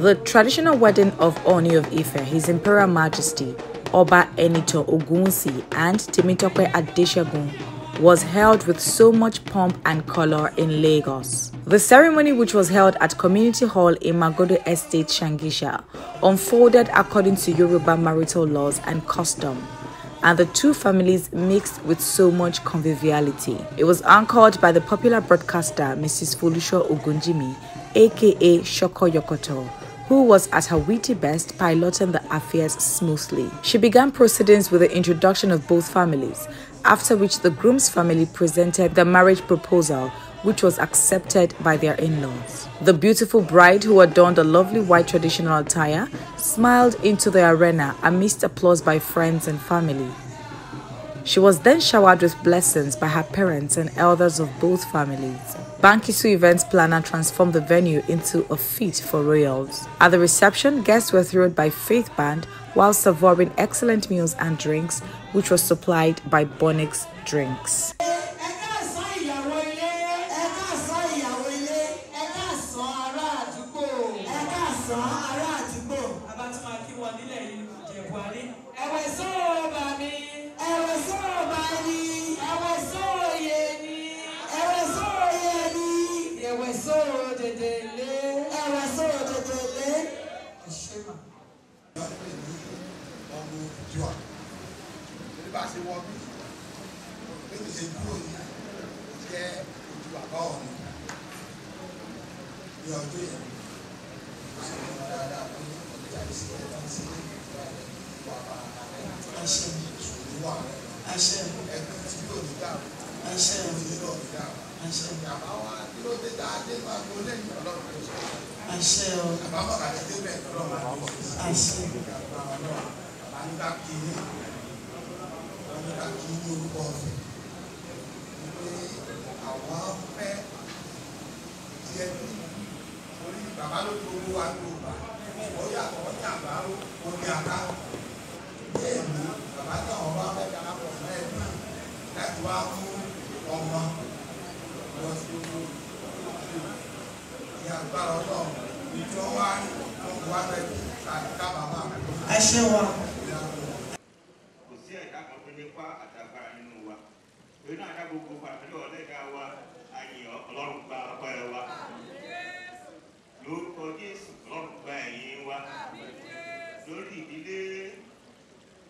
The traditional wedding of Oni of Ife, His Imperial Majesty, Oba Enito Ogunsi and Temitope Adeshagun was held with so much pomp and color in Lagos. The ceremony, which was held at Community Hall in Magodo Estate, Shangisha, unfolded according to Yoruba marital laws and custom, and the two families mixed with so much conviviality. It was anchored by the popular broadcaster Mrs. Folusho Ogunjimi aka Shoko Yokoto who was at her witty best piloting the affairs smoothly. She began proceedings with the introduction of both families, after which the groom's family presented the marriage proposal, which was accepted by their in laws. The beautiful bride, who adorned a lovely white traditional attire, smiled into the arena amidst applause by friends and family. She was then showered with blessings by her parents and elders of both families. Bankisu events planner transformed the venue into a feat for royals. At the reception, guests were thrilled by Faith Band while savoring excellent meals and drinks, which was supplied by Bonix Drinks. bí bá ṣe wọ́n bí bébí ṣe dúró yìí jẹ́ ojú bàbá ọ̀nà ní ọdún yẹn ó sì mú dáadáa pé ọjà ìṣe ẹ̀dá sí ìwà àṣẹ ìṣòwò ààrẹ àṣẹ ẹ̀kọ́ tí yóò ní dàrú àṣẹ ìṣòwò ní dàrú àṣẹ bàbá wa kí ló dé dáa dé máa gbó lẹ́yìn ọlọ́run sọ àṣẹ ọ bàbá bàbá ti dé bẹ́ẹ̀ lọ́wọ́ àṣẹ bàbá ọlọ́run bàbá ń dá kiri ní orúkọ ọ̀fẹ́ wípé àwa fẹ́ jẹ bí orí bàbá ló gbogbo wa gbogbo wa ó yà kọ́ jàmbá ó ní aká bẹ́ẹ̀ ni bàbá náà wá fẹ́ kára pọ̀ náà bí láti wá fún ọmọ lọ sí ojú ní agbára ìjọ wa ọkọ̀ wa fẹ́ ká bàbá. ẹ ṣe wa. torí náà ká gbogbo pàtàkì ọ̀lẹ́gà wa ayé ọlọ́run gba ọpẹ́ wa lórúkọ Jésù ọlọ́run gba ẹ̀yìn wa lórí ìdílé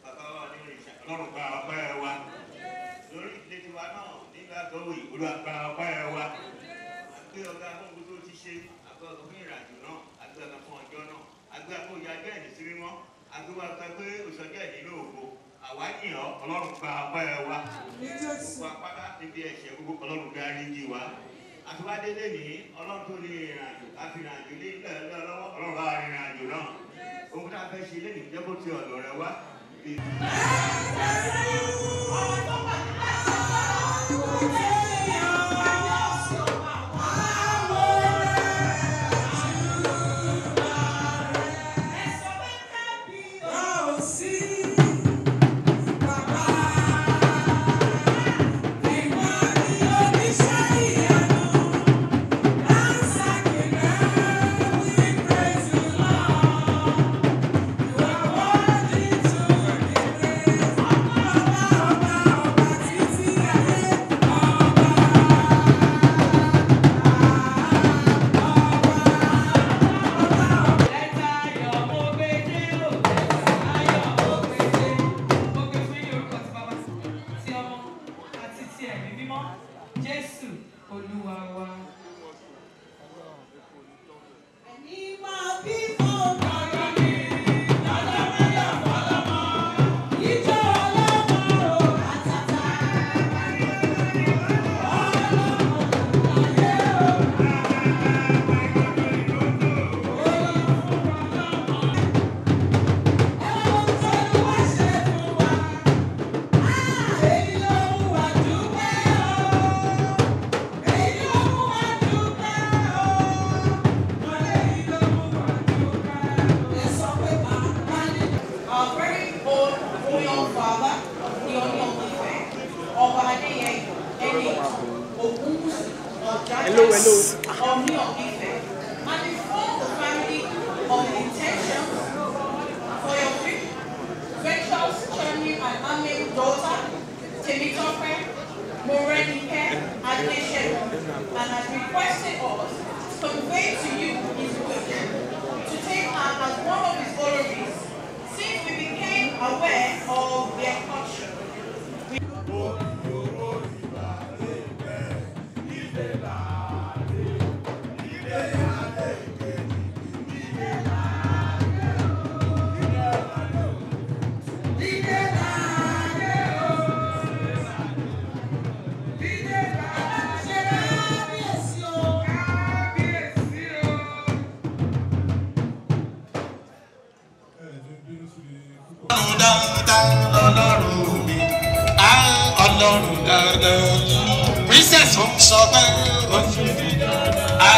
bàbá wa nínú ìṣẹ́ ọlọ́run gba ọpẹ́ wa lórí ìdílé tiwa náà nígbà tó wù ìwúlò àgbà ọpẹ́ wa àgbẹ̀ ọ̀gá fún gbogbo tó ti ṣe àgbẹ̀ ọ̀gá fún ìrìnàjò náà àgbẹ̀ ọ̀gá fún ọjọ́ náà àgbẹ̀ ọ̀gá fún ìyá bẹ́ẹ̀ ní sírí àgbẹ̀ ọ̀gá pé òṣèjọ́ ẹ̀ nílò ògo àwa yìn ọ́ ọlọ́run gba apá ẹ wa gbogbo apáta níbi ẹ̀ṣẹ̀ gbogbo ọlọ́run darí yìí wa àtiwádé lẹ́ni ọlọ́run tó ní ìrìn àjò àfihàn àjò lé lọ́wọ́ ọlọ́run bá rìnrìn àjò náà ohun fẹ́ ṣe lẹ́ni jẹ́ ti ọ̀dọ̀ rẹ wá. hello, hello. ọlọ́run dáadáa ọlọ́run mi á ọlọ́run dáadáa princess ó ń sọ bẹ́ẹ̀ ó ti rí á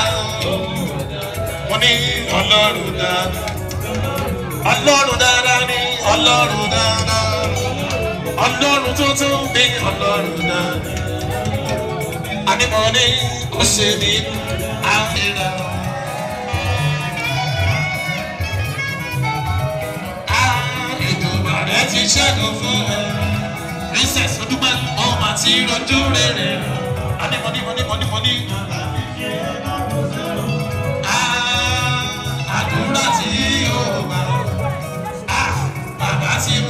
mo ní ọlọ́run dáadáa ọlọ́run dáadáa ní ọlọ́run dáadáa ọlọ́run tuntun ní ọlọ́run dáadáa ànímọ́ ní ó ṣe ní àìrà. ti ṣẹ́gun fún ọ. Princess Odúgbà ọmọ àti ìrọ̀jú rere. Adémọ́ní mọ́ní mọ́ní mọ́ní. Àdúrà tí yóò bá. Bàbá ti mú.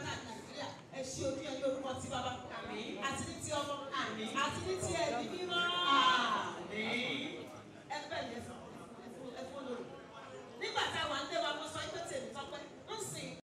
siete